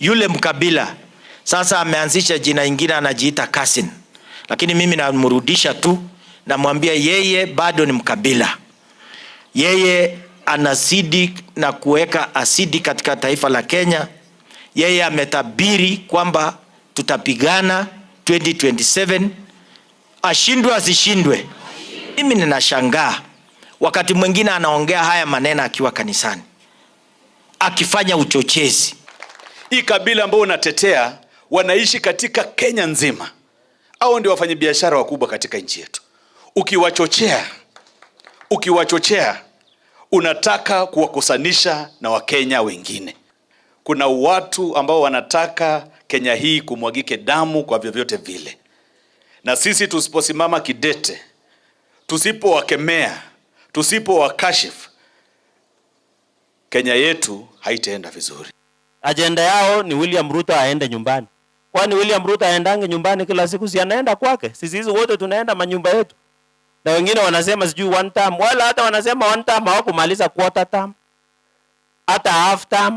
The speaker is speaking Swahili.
Yule mkabila sasa ameanzisha jina ingine anajiita Kasin, lakini mimi namrudisha tu, namwambia yeye bado ni mkabila, yeye anazidi na kuweka asidi katika taifa la Kenya. Yeye ametabiri kwamba tutapigana 2027 ashindwe asishindwe. Mimi ninashangaa wakati mwingine anaongea haya maneno akiwa kanisani, akifanya uchochezi. Hii kabila ambayo unatetea wanaishi katika Kenya nzima, au ndio wafanyabiashara wakubwa katika nchi yetu. Ukiwachochea, ukiwachochea unataka kuwakusanisha na Wakenya wengine. Kuna watu ambao wanataka Kenya hii kumwagike damu kwa vyovyote vile, na sisi tusiposimama kidete, tusipowakemea, tusipowakashifu, Kenya yetu haitaenda vizuri. Ajenda yao ni William Ruto aende nyumbani. Kwani William Ruto aendange nyumbani kila siku? Si anaenda kwake? Sisi hizo wote tunaenda manyumba yetu. Na wengine wanasema sijui one term, wala hata wanasema one term hawakumaliza quarter term, hata half term.